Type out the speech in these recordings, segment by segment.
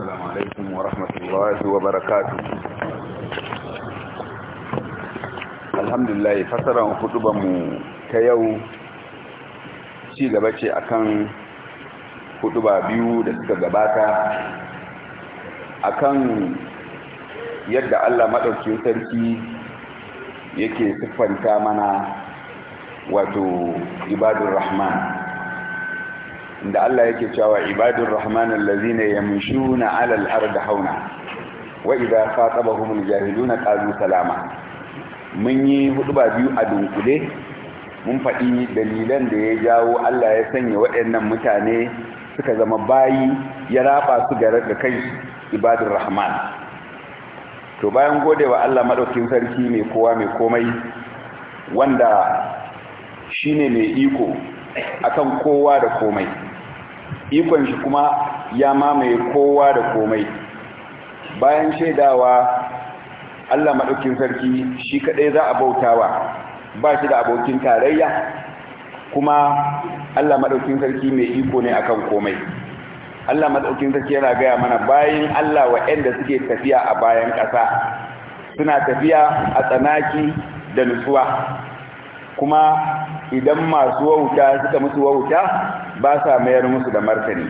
السلام عليكم ورحمة الله وبركاته الحمد لله فترة خطبة كيو ci gaba ce akan huduba biyu da suka gabata akan yadda Allah maɗaukin sarki yake siffanta mana wato ibadun rahman da Allah yake cewa ibadur rahman allazina yamshuna ala al-ard hauna wa idza khatabahum al-jahiluna qalu salama mun yi huduba biyu a dunkule mun faɗi dalilan da ya jawo Allah ya sanya waɗannan mutane suka zama bayi ya raba su ga raka kai ibadur rahman to bayan godewa Allah madaukin sarki mai kowa mai komai wanda shine mai iko akan kowa da komai ikon shi kuma ya mamaye kowa da komai bayan shaidawa Allah maɗaukin sarki shi kaɗai za a bautawa ba shi da abokin tarayya kuma Allah maɗaukin sarki mai iko ne akan komai Allah maɗaukin sarki yana gaya mana bayan Allah wa waɗanda suke tafiya a bayan ƙasa suna tafiya a tsanaki da nutsuwa kuma idan masu wauta suka musu wauta ba sa mayar musu da martani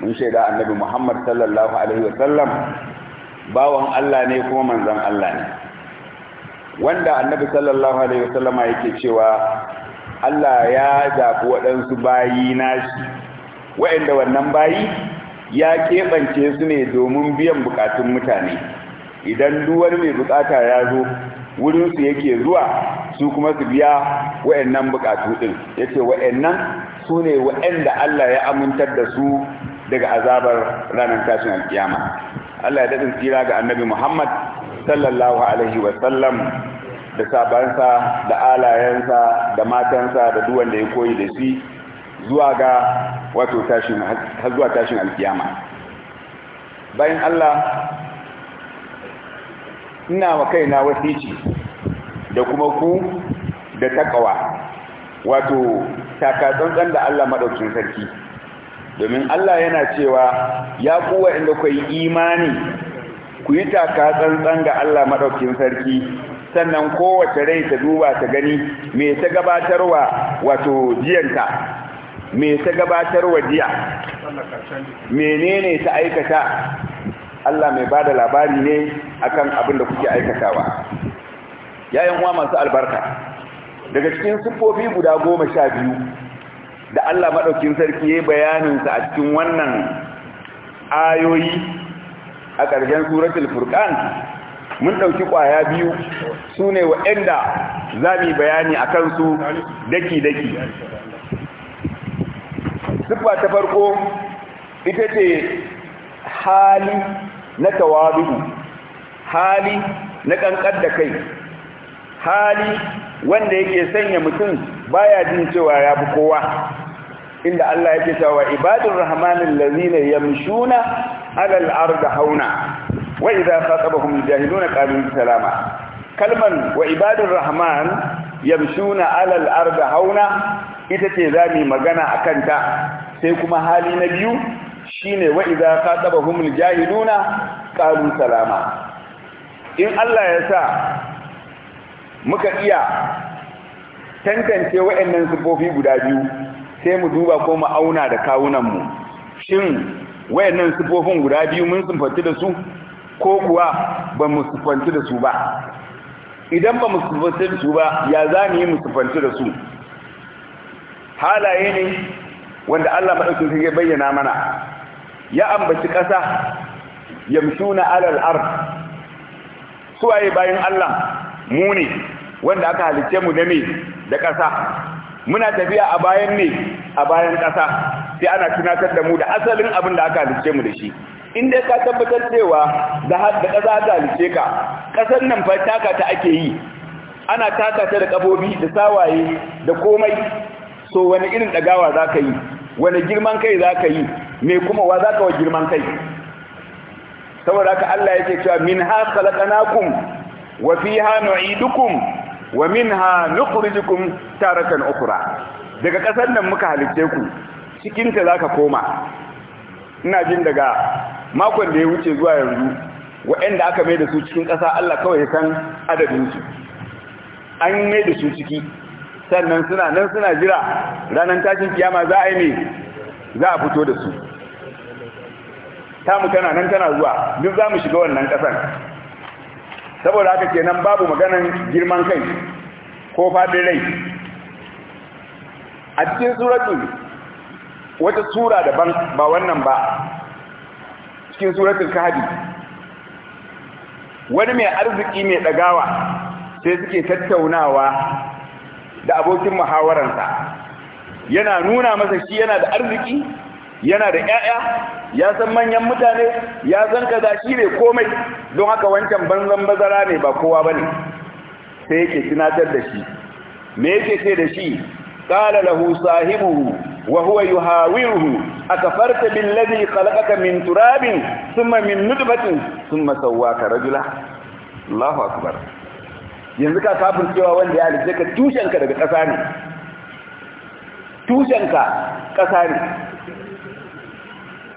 mun shaida annabi muhammad sallallahu alaihi wasallam bawan allah ne kuma manzan allah ne wanda annabi sallallahu alaihi wasallama yake cewa allah ya zaɓi waɗansu bayi nashi wa'inda wannan bayi ya keɓance su ne domin biyan bukatun mutane idan duwar mai bukata ya zo wurinsu yake zuwa su kuma su biya wa'annan bukatu din yace wa'annan su ne wa'anda Allah ya amintar da su daga azabar ranar tashin alkiyama Allah ya dadin tsira ga annabi Muhammad sallallahu alaihi wa sallam da sabansa da alayensa da matansa da duk ya koyi da shi zuwa ga wato tashin har zuwa tashin alkiyama bayan Allah ina wa kaina wasici da kuma ku da takawa wato takatsantsan da Allah maɗaukin sarki domin Allah yana cewa ya kuwa inda ku yi imani ku yi takatsantsan ga Allah maɗaukin sarki sannan kowace rai ta duba ta gani me ta gabatarwa wato jiyanta me ta gabatarwa jiya menene ta aikata Allah mai bada labari ne akan abin da kuke aikatawa yayin uwa masu albarka daga cikin siffofi guda goma sha biyu da Allah maɗaukin sarki ya yi bayaninsa a cikin wannan ayoyi a ƙarshen suratul furqan mun ɗauki ƙwaya biyu su ne waɗanda za mu yi bayani a kansu daki-daki siffa ta farko ita ce hali na tawazu hali na ƙanƙar da kai hali wanda yake sanya mutum baya jin cewa ya fi kowa inda Allah yake cewa ibadur rahmanin lazina yamshuna alal ardi hauna wa idza khatabahum jahiluna qalu salama kalman wa ibadur rahman yamshuna alal ardi hauna ita ce zamu magana akan ta sai kuma hali na biyu shine wa idza khatabahum jahiluna qalu salama in Allah ya sa muka iya tantance wa'annan sifofi guda biyu sai mu duba ko mu auna da kawunanmu shin wa'annan sifofin guda biyu mun siffanci da su ko kuwa ba mu siffanci da su ba idan ba mu siffanci da su ba ya za mu yi mu siffanci da su halaye ne wanda Allah maɗaukin ya bayyana mana ya ambaci ƙasa na alal ard suwaye bayan Allah mu ne wanda aka halicce mu da me da ƙasa muna tafiya a bayan ne a bayan ƙasa sai ana tunatar da mu da asalin abin da aka halicce mu da shi in dai ka tabbatar cewa da ƙasa ta halicce ka ƙasar nan fa taka ta ake yi ana taka ta da kabobi da sawaye da komai so wani irin ɗagawa za yi wani girman kai za ka yi me kuma wa za wa girman kai saboda haka Allah yake cewa min ha khalaqnakum wa fiha nu'idukum wa minha nukhrijukum taratan ukra daga kasar nan muka halitte ku cikin ta zaka koma ina jin daga makon da ya wuce zuwa yanzu waɗanda aka mai da su cikin kasa Allah kawai san adadin su an mai da su ciki sannan suna nan suna jira ranar tashin kiyama za a yi ne za a fito da su mu tana nan tana zuwa duk za mu shiga wannan ƙasar saboda haka ke nan babu maganan girman kai ko faɗin rai a cikin suratu wata sura daban ba wannan ba cikin suratun kahfi wani mai arziki mai ɗagawa sai suke tattaunawa da abokin muhawararsa yana nuna masa shi yana da arziki yana da ƴaƴa ya san manyan mutane ya san kaza shi ne komai don haka wancan banzan bazara ne ba kowa bane sai yake tunatar da shi me yake ce da shi qala lahu sahibuhu wa huwa yuhawiruhu akafarta billadhi khalaqaka min turabin thumma min nutfatin thumma sawwaka rajula Allahu akbar yanzu ka kafin cewa wanda ya halitta ka tushenka daga ƙasa ne tushenka ƙasa ne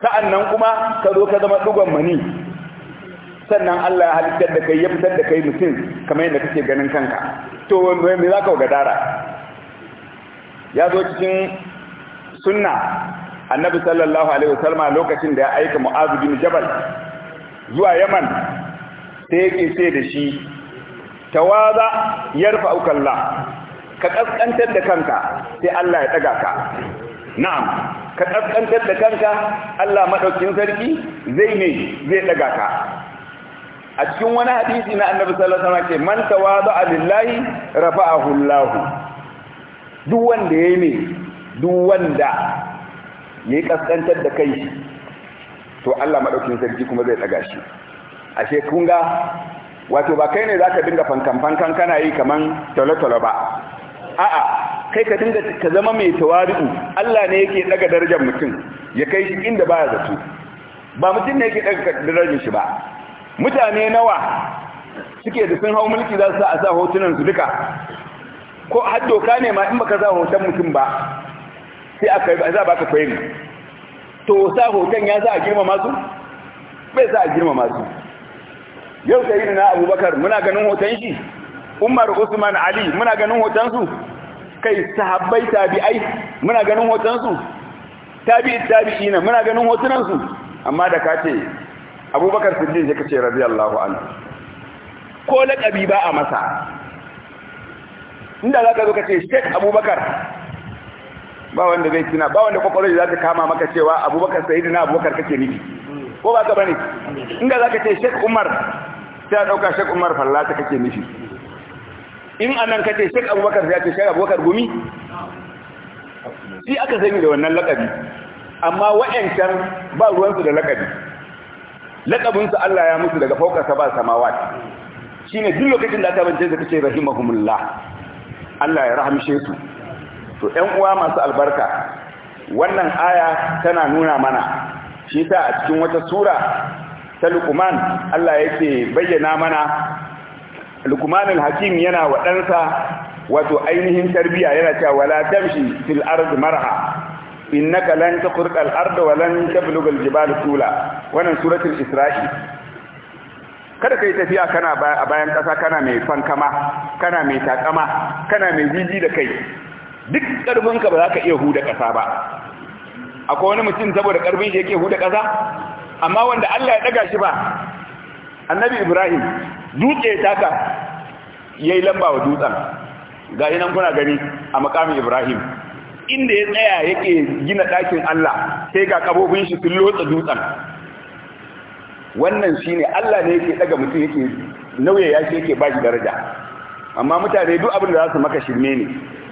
sa'an nan kuma ka zo ka zama ɗugon mani sannan Allah ya halittar da kai ya fitar da kai mutum kamar yadda kake ganin kanka to wanda mai za ka gadara ya zo cikin sunna annabi sallallahu alaihi wasallama lokacin da ya aika mu'azu bin jabal zuwa yaman sai yake sai da shi tawaza aukalla, ka kaskantar da kanka sai Allah ya ɗaga ka na'am ka kaskantar da kanka Allah madaukin sarki zai ne zai daga ka a cikin wani hadisi na annabi sallallahu alaihi wasallam ke man tawada'a lillahi rafa'ahu Allah duk wanda yayi ne duk wanda yayi kaskantar da kai to Allah madaukin sarki kuma zai daga shi ashe kun ga wato ba kai ne zaka dinga fankan fankan kana yi kaman tolo tolo ba a'a kai ka dinga ka zama mai tawadu Allah ne yake daga darajar mutum ya kai shi inda baya zato ba mutum ne yake daga darajar shi ba mutane nawa suke da sun hau mulki za su sa hotunan su duka ko har doka ne ma in baka sa hoton mutum ba sai kai za baka koyi to sa hoton ya sa a girma masu bai sa a girma masu yau sai na abubakar muna ganin hoton shi umar usman ali muna ganin hoton su kai sahabbai tabi'ai muna ganin hotonsu tabi'i tabi'ina muna ganin hotunansu amma da ka ce abubakar siddiq ya kace radiyallahu anhu ko laƙabi ba a masa inda za ka zo ka ce sheik abubakar ba wanda zai tuna ba wanda kwakwalwar za ta kama maka cewa abubakar sayidu na abubakar kake nufi ko ba ka bane inda za ka ce sheik umar sai a ɗauka sheik umar fallata kake nufi in anan kace shek abubakar ya ce shek abubakar gumi shi aka sani da wannan lakabi amma wa'ancan ba ruwansu da lakabi lakabinsu Allah ya musu daga faukarsa ba samawat shi ne duk lokacin da aka bance da kace rahimahumullah Allah ya rahamshe su to ƴan uwa masu albarka wannan aya tana nuna mana shi ta a cikin wata sura ta Luqman Allah yake bayyana mana lukman hakim yana wa ɗansa wato ainihin tarbiya yana cewa wala tamshi fil ardi mar'a innaka lan taqrqa al arda wa lan tablugha al jibala tula wannan suratul isra'i kada kai tafiya kana a bayan ƙasa kana mai fankama kana mai takama kana mai jiji da kai duk karfinka ba za ka iya huda ƙasa ba akwai wani mutum saboda ƙarfin shi yake huda ƙasa amma wanda Allah ya ɗaga shi ba annabi ibrahim dutse ya taka ya yi lamba wa dutsen ga nan kuna gani a makamin ibrahim inda ya tsaya yake gina ɗakin allah sai ga kabobin shi sun lotsa dutsen wannan shine allah ne yake daga mutum yake nauye ya shi yake bashi daraja amma mutane duk abin da za su maka shirme ne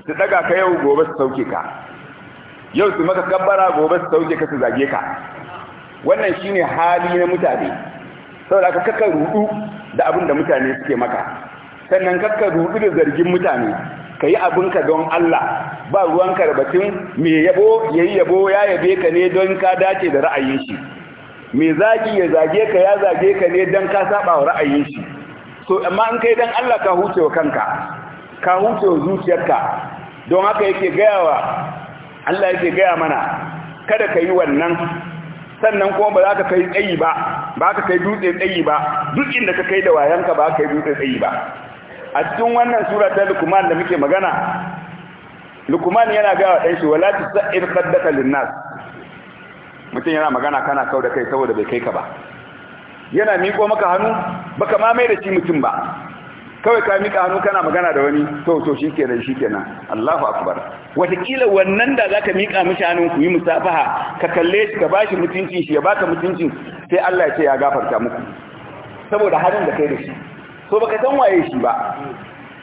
su daga ka yau gobe su sauke ka yau su maka kabbara gobe su sauke ka su zage ka wannan shine hali na mutane saboda ka kakka rudu da abin da mutane suke maka sannan kakka rudu da zargin mutane ka yi abinka don Allah ba ruwan karbatin mai yabo ya yi yabo ya yabe ka ne don ka dace da ra'ayin shi mai zagi ya zage ka ya zage ka ne don ka saba wa ra'ayin shi so amma in kai don Allah ka huce wa kanka ka huce wa zuciyarka don haka yake gaya wa Allah yake gaya mana kada ka yi wannan sannan kuma ba za ka kai tsayi ba ba ka kai dutse tsayi ba duk inda ka kai da wayanka ba ka kai dutse tsayi ba a cikin wannan sura ta lukman da muke magana lukman yana ga ɗan ɗanshi wala sa'ir qaddaka linnas mutum yana magana kana kau da kai saboda bai kai ka ba yana miƙo maka hannu baka ma mai da shi mutum ba kawai ka mika hannu kana magana da wani to to shikenan shikenan Allahu akbar wataƙila wannan da zaka mika mishi hannun ku yi musafaha ka kalle shi ka bashi mutunci shi ya baka mutunci sai Allah ya ce ya gafarta muku saboda halin da kai da shi so baka san waye shi ba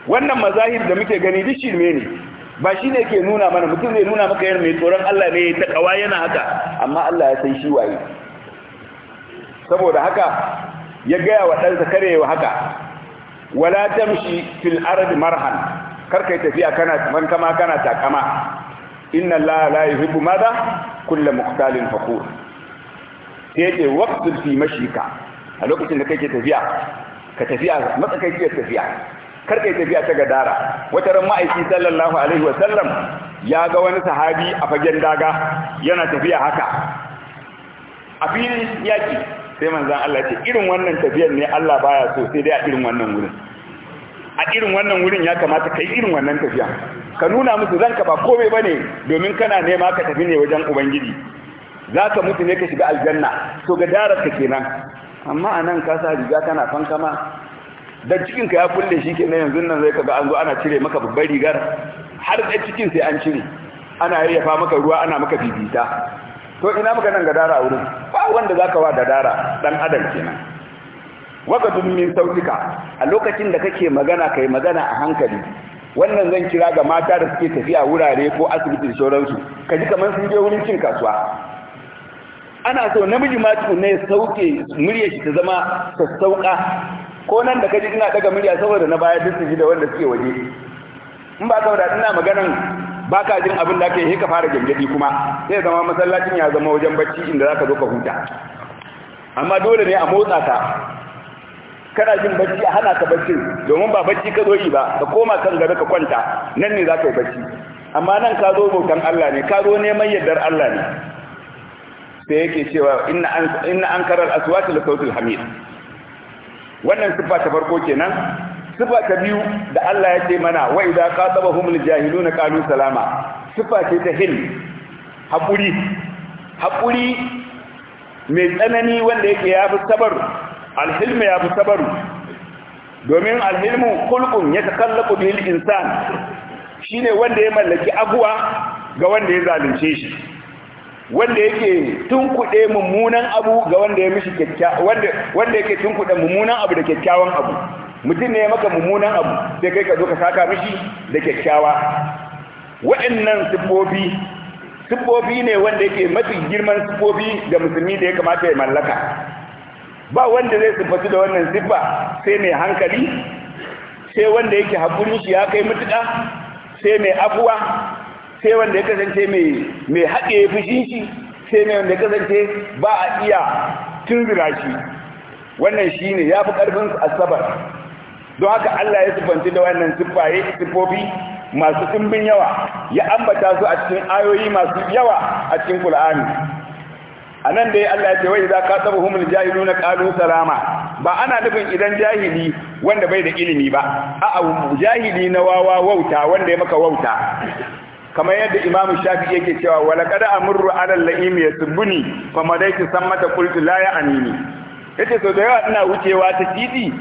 wannan mazahir da muke gani duk shi ne ba shi ne ke nuna mana mutum zai nuna maka yana mai tsoron Allah ne ta kawa yana haka amma Allah ya san shi waye saboda haka ya gaya wa ɗansa karewa haka wala tamshi fil ardi marhan kar kai tafiya kana man kama kana takama inna allaha la yuhibbu madha kullu muqtalin ce fi mashika a lokacin da kake tafiya ka tafiya matsakaiciyar tafiya kar kai tafiya ta gadara wata ran ma'aiki sallallahu alaihi wa sallam ya ga wani sahabi a fagen daga yana tafiya haka a filin yaki sai manzan Allah ce irin wannan tafiyar ne Allah baya so sai dai a irin wannan wurin a irin wannan wurin ya kamata kai irin wannan tafiya ka nuna musu zanka ba komai bane domin kana nema ka tafi ne wajen ubangiji za ka mutu ne ka shiga aljanna to ga darar ka kenan amma anan ka sa riga kana fankama dan cikin ka ya kulle shi kenan yanzu nan zai kaga an zo ana cire maka babbar rigar har da cikin sai an cire ana yayyafa maka ruwa ana maka bibita to ina nan gadara a wurin ba wanda zaka wa gadara dan adam kenan waqadun min sautika a lokacin da kake magana kai magana a hankali wannan zan kira ga mata da suke tafiya wurare ko asibiti da sauransu ka ji sun je wurin cin kasuwa ana so namiji ma ne sauke muryar shi ta zama sassauka ko nan da kaji ina daga murya saboda na baya duk su ji da wanda suke waje in ba saboda ina maganan ba ka jin abin da ka yi ka fara gyangyaɗi kuma sai zama masallacin ya zama wajen bacci inda za ka zo ka huta amma dole ne a motsa ka kana jin bacci a hana ka bacci domin ba bacci ka zo yi ba ka koma kan gari ka kwanta nan ne za ka yi bacci amma nan ka zo bautan Allah ne ka zo neman yardar Allah ne sai yake cewa inna an karar aswati da hamid wannan siffa ta farko kenan sifa ta biyu da Allah ya ce mana wa idza qatabahum aljahiluna qalu salama sifa ce ta hil hakuri hakuri mai tsanani wanda yake fi sabar alhilmu ya fi sabar domin alhilmu khulqun yatakallaqu bihi al-insan shine wanda ya mallaki abuwa ga wanda ya zalunce shi wanda yake tunkuɗe mummunan abu ga wanda ya mishi kyakkyawa wanda wanda yake tunkuɗe mummunan abu da kyakkyawan abu mutum ne maka mummunan abu sai kai ka zo ka saka mishi da kyakkyawa wa'annan siffofi siffofi ne wanda yake mafi girman siffofi ga musulmi da ya kamata ya mallaka ba wanda zai siffatu da wannan siffa sai mai hankali sai wanda yake haƙuri shi ya kai mutuka sai mai abuwa sai wanda ya kasance mai haƙe fushin shi sai mai wanda ya kasance ba a iya tunzura shi wannan shi ne ya fi ƙarfin asabar don haka Allah ya sifanci da wannan siffaye siffofi masu tsimbin yawa ya ambata su a cikin ayoyi masu yawa a cikin Qur'ani anan dai Allah ya ce wai za ka humul jahilu na qalu salama ba ana nufin idan jahili wanda bai da ilimi ba a'a jahili na wawa wauta wanda ya maka wauta kamar yadda imamu shafi yake cewa wala kada amurru alal la'imi yasbuni fa madaitu sammata qultu la anini yace so da yawa ina wucewa ta titi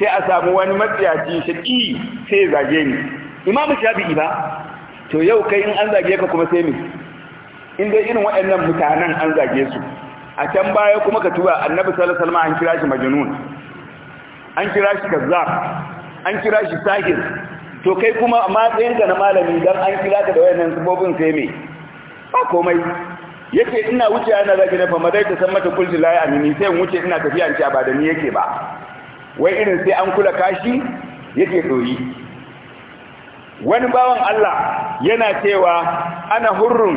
sai a samu wani matsiyaci ki sai zage ni imamu shafi'i ba to yau kai in an zage ka kuma sai me in dai irin waɗannan mutanen an zage su a can baya kuma ka tura annabi sallallahu alaihi an kira shi majnun an kira shi kazzab an kira shi sahir to kai kuma matsayinka na malami dan an kira ka da wayannan sabobin sai me ba komai Yake ina wuce ana zage na fa madai ta san mata kulli la ya amini sai in wuce ina tafiya in ci ba da ni yake ba wai irin sai an kula kashi yake ɗoyi wani bawan Allah yana cewa ana hurrun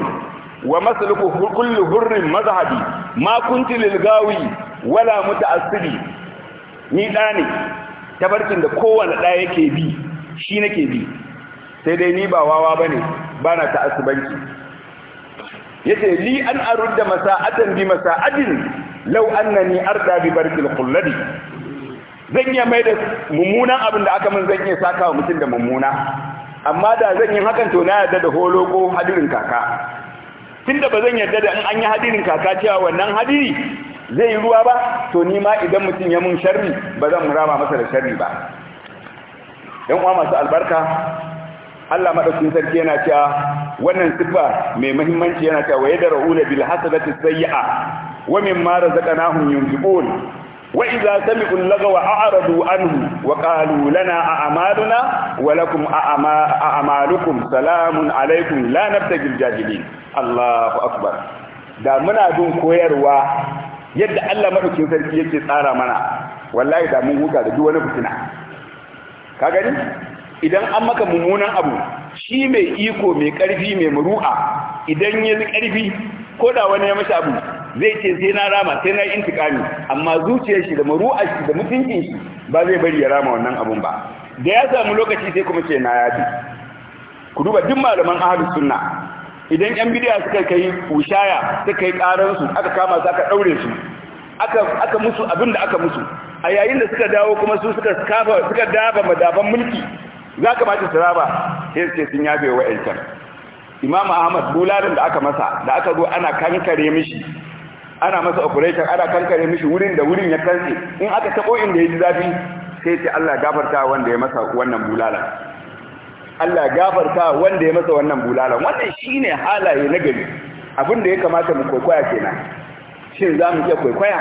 wa masluku kullu hurrin mazhabi ma kunti gawi wala muta'assibi ni dane tabarkin da kowane ɗa yake bi shi nake bi sai dai ni ba wawa bane bana ta'assubanci yace li an arudda masa'atan bi masa'adin law annani arda bi barkil qulladi zan iya mai da mummunan abin da aka min zan iya saka wa mutum da mummuna amma da zan yi hakan to na yarda da holo ko hadirin kaka tunda ba zan yarda da in an yi hadirin kaka cewa wannan hadiri zai yi ruwa ba to ni ma idan mutum ya mun sharri ba zan rama masa da sharri ba yan uwa masu albarka Allah madaukakin sarki yana cewa wannan sifa mai muhimmanci yana cewa wa yadra'una bil hasabati sayyi'a wa mimma razaqnahum yunfiqun وإذا سمعوا اللغو أعرضوا عنه وقالوا لنا أعمالنا ولكم أعمالكم سلام عليكم لا نبتغي الجاهلين الله أكبر da muna bin koyarwa yadda Allah madaukin sarki yake tsara mana wallahi da mun huta da duk wani fitina ka gani idan an maka mummunan abu shi mai iko mai karfi mai muru'a idan ya ji karfi ko da wani ya mashi abu zai ce sai na rama sai na intikami amma zuciyar shi da maru'ar shi da mutuncin shi ba zai bari ya rama wannan abun ba da ya samu lokaci sai kuma ce na yafi ku duba duk malaman ahlus sunna idan yan bidiya suka kai ushaya suka yi su aka kama su aka daure su aka aka musu abin da aka musu a yayin da suka dawo kuma su suka kafa suka daba madaban mulki za ka ba ta saraba sai ce sun yafe wa'ancan imam ahmad bularin da aka masa da aka zo ana kankare mishi ana masa operation ana kankare mishi wurin da wurin ya kance in aka tabo inda ya ji zafi sai ce Allah gafarta wanda ya masa wannan bulalan Allah gafarta wanda ya masa wannan bulalan wannan shine halaye na gari abin da ya kamata mu kwaikwaya kenan shin za mu iya kwaikwaya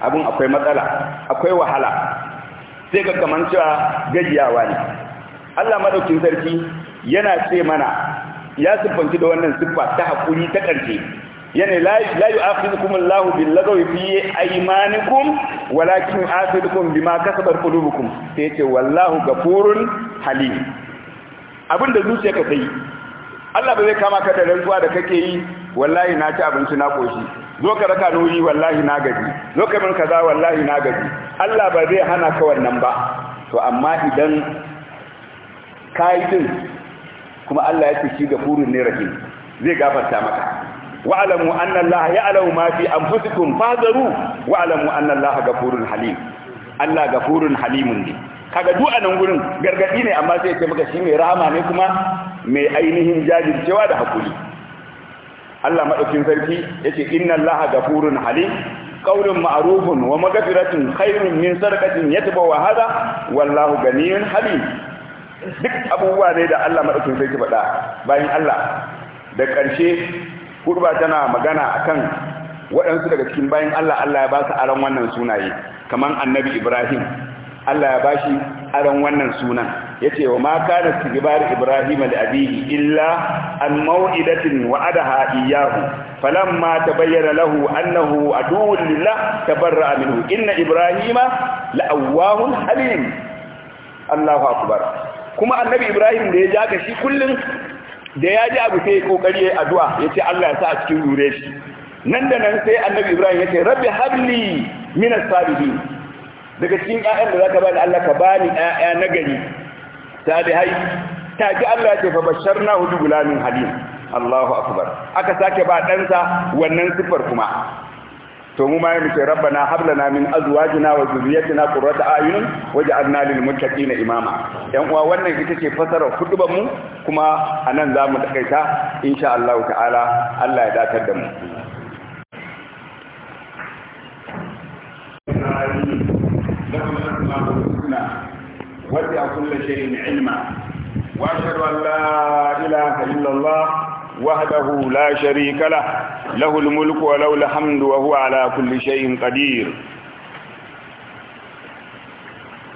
abin akwai matsala akwai wahala sai ka kaman cewa gajiyawa ne Allah madaukin sarki yana ce mana ya siffanci da wannan siffa ta hakuri ta ƙarshe yani la yu'akhidhukum Allahu bil lagwi fi aymanikum walakin yu'akhidhukum bima kasabat qulubukum sai yace wallahu gafurun halim abinda zuciya ka yi Allah bai kama ka da rantsuwa da kake yi wallahi na ci abinci na koshi zo ka raka nuri wallahi na gaji zo ka min kaza wallahi na gaji Allah ba zai hana ka wannan ba to amma idan kai din kuma Allah ya ce shi gafurun ne rahim zai gafarta maka wa'lamu anna allaha ya'lamu ma fi anfusikum fahzaru wa'lamu anna allaha ghafurun halim Allah gafurun halimun ne kaga duk anan gurin gargadi ne amma sai ce maka shi mai rahama ne kuma mai ainihin jajircewa da hakuri Allah madaukin sarki yace inna allaha gafurun halim ƙaurin ma'arufin, wa maghfiratun khairun min sadaqatin yatbawa hada wallahu ganiyun halim duk abubuwa ne da Allah madaukin sarki faɗa bayan Allah da ƙarshe kurba tana magana akan waɗansu daga cikin bayan Allah Allah ya ba su aron wannan sunaye Kamar annabi Ibrahim Allah ya bashi aron wannan sunan yace wa ma kana istighfar Ibrahim li abihi illa an mau'idatin wa'adaha iyyahu ta bayyana lahu annahu aduwwun lillah tabarra'a minhu inna Ibrahima la'awwahun halin, Allahu akbar kuma annabi Ibrahim da ya ja jaka shi kullum. da ya ji abu sai kokari yayi addu'a ce Allah ya sa a cikin rure shi nan da nan sai annabi Ibrahim ce rabbi habli min as-salihin daga cikin 'ya'yan da zaka bani Allah ka bani ƴaƴa na gari ta da hai ta ji Allah ya ce fa na bi gulamin halim Allahu akbar aka sake ba ɗansa wannan sifar kuma to mu ma yi muke rabbana hablana min azwajina wa zurriyyatina qurrata a'yun waj'alna lil muttaqina imama yan uwa wannan ita ce fasarar hudubar mu kuma anan zamu takaita insha Allah ta'ala Allah ya datar da mu وسع كل شيء علما Wa ان لا اله illa Allah. وحده لا شريك له له الملك ولو الحمد وهو على كل شيء قدير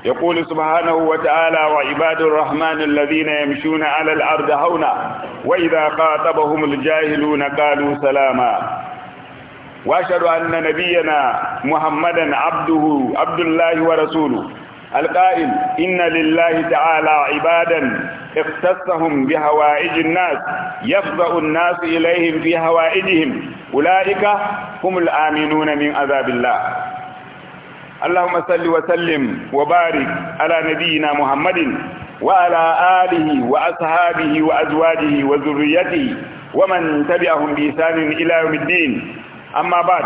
يقول سبحانه وتعالى وعباد الرحمن الذين يمشون على الأرض هونا وإذا خاطبهم الجاهلون قالوا سلاما وأشهد أن نبينا محمدا عبده عبد الله ورسوله القائل إن لله تعالى عبادا اختصهم بهوائج الناس يفضأ الناس إليهم في هوائجهم أولئك هم الآمنون من عذاب الله اللهم صل وسلم وبارك على نبينا محمد وعلى آله وأصحابه وأزواجه وذريته ومن تبعهم بإحسان إلى يوم الدين أما بعد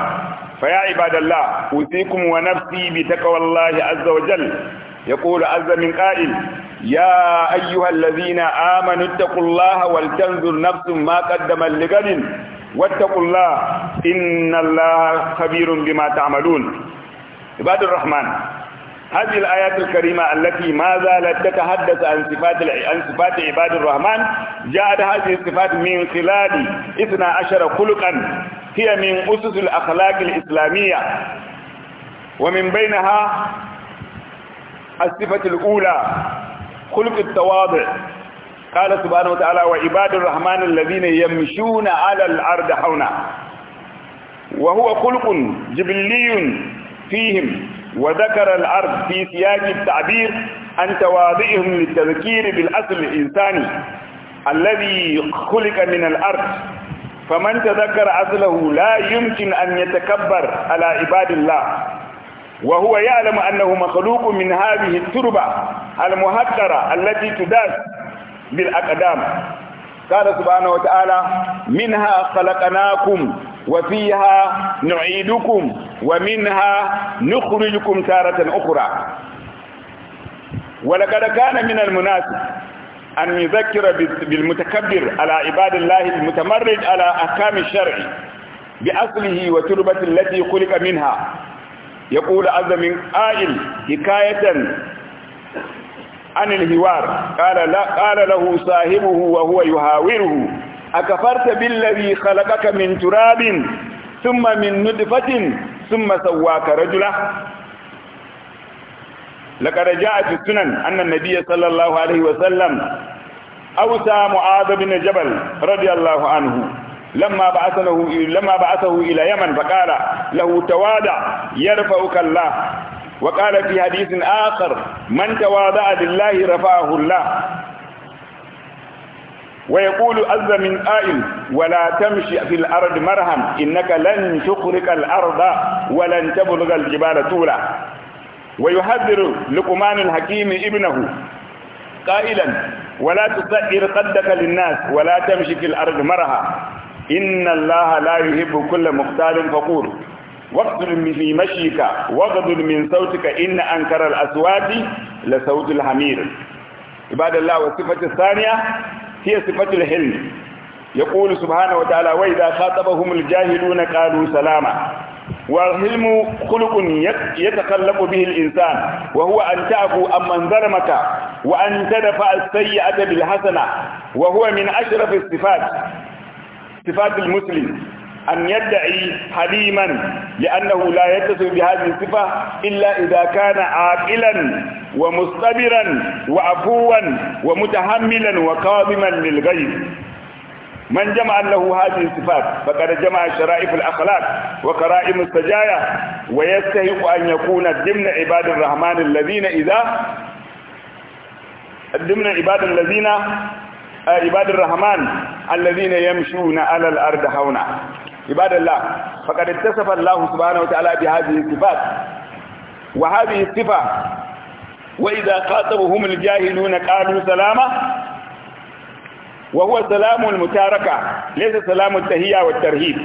فيا عباد الله أوصيكم ونفسي بتقوى الله عز وجل يقول عز من قائل يا أيها الذين آمنوا اتقوا الله ولتنظر نفس ما قدم لغد واتقوا الله إن الله خبير بما تعملون عباد الرحمن هذه الآيات الكريمة التي ما زالت تتحدث عن صفات عن صفات عباد الرحمن جاءت هذه الصفات من خلال 12 خلقا هي من أسس الأخلاق الإسلامية ومن بينها الصفة الأولى خلق التواضع قال سبحانه وتعالى وعباد الرحمن الذين يمشون على الأرض حونا وهو خلق جبلي فيهم وذكر الأرض في سياق التعبير عن تواضعهم للتذكير بالأصل الإنساني الذي خلق من الأرض فمن تذكر أصله لا يمكن أن يتكبر على عباد الله وهو يعلم أنه مخلوق من هذه التربة المهكرة التي تداس بالأقدام قال سبحانه وتعالى منها خلقناكم وفيها نعيدكم ومنها نخرجكم تارة أخرى ولقد كان من المناسب أن يذكر بالمتكبر على عباد الله المتمرد على أحكام الشرع بأصله وتربة التي خلق منها يقول عز من قائل حكاية عن الهوار قال لا قال له صاحبه وهو يهاوره أكفرت بالذي خلقك من تراب ثم من نطفة ثم سواك رجلا لقد جاء في السنن أن النبي صلى الله عليه وسلم أوسى معاذ بن جبل رضي الله عنه لما بعثه لما بعثه الى يمن فقال له تواضع يرفعك الله وقال في حديث اخر من تواضع لله رفعه الله ويقول عز من قائل ولا تمشي في الارض مرهم انك لن تخرق الارض ولن تبلغ الجبال طولا ويحذر لقمان الحكيم ابنه قائلا ولا تسعر قدك للناس ولا تمشي في الارض مرها إن الله لا يحب كل مختال فقور واغضل في مشيك واغضل من صوتك إن أنكر الاصوات لصوت الحمير عباد الله والصفه الثانية هي صفة الحلم يقول سبحانه وتعالى وإذا خاطبهم الجاهلون قالوا سلاما والحلم خلق يتخلق به الإنسان وهو أن تعفو أمن ظلمك وأن تدفع السيئة بالحسنة وهو من أشرف الصفات صفات المسلم أن يدعي حليما لأنه لا يتصل بهذه الصفة إلا إذا كان عاقلا ومصطبرا وعفوا ومتحملا وقاوما للغير من جمع له هذه الصفات فقد جمع شرائف الأخلاق وكرائم السجايا ويستحق أن يكون ضمن عباد الرحمن الذين إذا ضمن عباد الذين آه، عباد الرحمن الذين يمشون على الأرض هونا عباد الله فقد اتصف الله سبحانه وتعالى بهذه الصفات وهذه الصفة وإذا خاطبهم الجاهلون قالوا سلاما وهو سلام المتاركة ليس سلام التهيئة والترهيب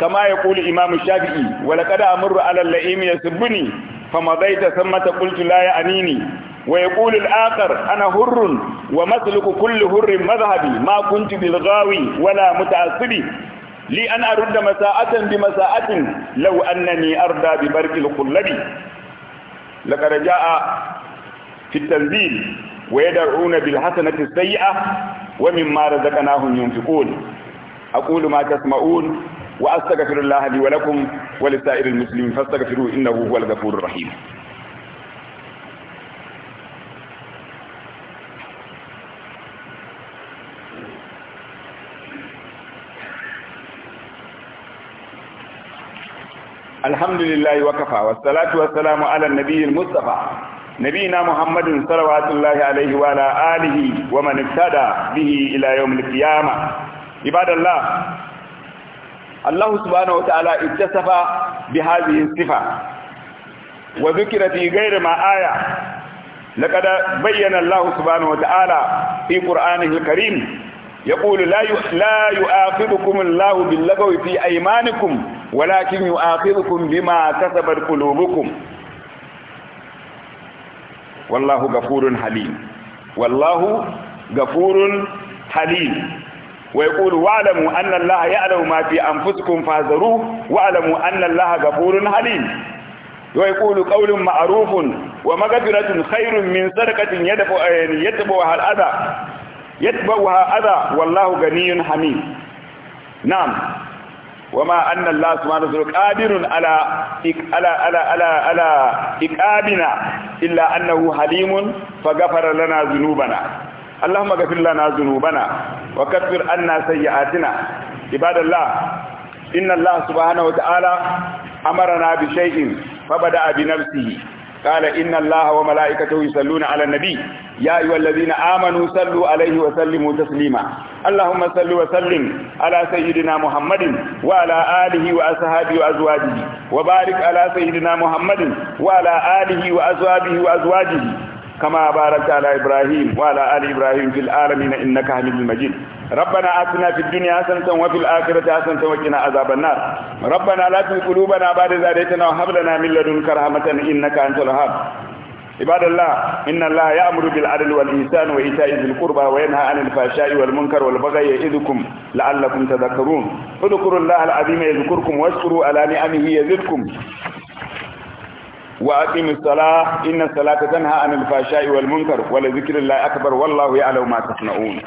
كما يقول الإمام الشافعي ولقد أمر على اللئيم يسبني فمضيت ثم قلت لا يعنيني ويقول الآخر أنا هر ومسلك كل هر مذهبي ما كنت بالغاوي ولا متعصبي لي أن أرد مساءة بمساءة لو أنني أرضى ببرك القلبي لقد جاء في التنزيل ويدعون بالحسنة السيئة ومما رزقناهم ينفقون أقول ما تسمعون وأستغفر الله لي ولكم ولسائر المسلمين فاستغفروه إنه هو الغفور الرحيم الحمد لله وكفى والصلاة والسلام على النبي المصطفى نبينا محمد صلوات الله عليه وعلى آله ومن ابتدى به إلى يوم القيامة عباد الله الله سبحانه وتعالى اتصف بهذه الصفة وذكر في غير ما آية لقد بين الله سبحانه وتعالى في قرآنه الكريم يقول لا لا يؤاخذكم الله باللغو في أيمانكم ولكن يؤاخذكم بما كسبت قلوبكم والله غفور حليم والله غفور حليم ويقول واعلموا أن الله يعلم ما في أنفسكم فاحذروه واعلموا أن الله غفور حليم ويقول قول معروف ومغفرة خير من صدقة يتبعها الأذى يتبعها أذى والله غني حميد نعم وما أن الله سبحانه وتعالى قادر على على على على على إكابنا إلا أنه حليم فغفر لنا ذنوبنا اللهم اغفر لنا ذنوبنا وكفر عنا سيئاتنا عباد الله إن الله سبحانه وتعالى أمرنا بشيء فبدأ بنفسه قال إن الله وملائكته يصلون على النبي يا أيها الذين آمنوا صلوا عليه وسلموا تسليما اللهم صل وسلم على سيدنا محمد وعلى آله وأصحابه وأزواجه وبارك على سيدنا محمد وعلى آله وأصحابه وأزواجه كما باركت على إبراهيم وعلى آل إبراهيم في العالمين إنك حميد مجيد ربنا آتنا في الدنيا حسنة وفي الآخرة حسنة وقنا عذاب النار ربنا لا تزغ قلوبنا بعد إذ هديتنا وهب لنا من لدنك رحمة إنك أنت الوهاب عباد الله إن الله يأمر بالعدل والإحسان وإيتاء ذي القربى وينهى عن الفحشاء والمنكر والبغي يعظكم لعلكم تذكرون اذكروا الله العظيم يذكركم واشكروا على نعمه يزدكم وأقيم الصلاة إن الصلاة تنهى عن الفحشاء والمنكر ولذكر الله أكبر والله يعلم ما تصنعون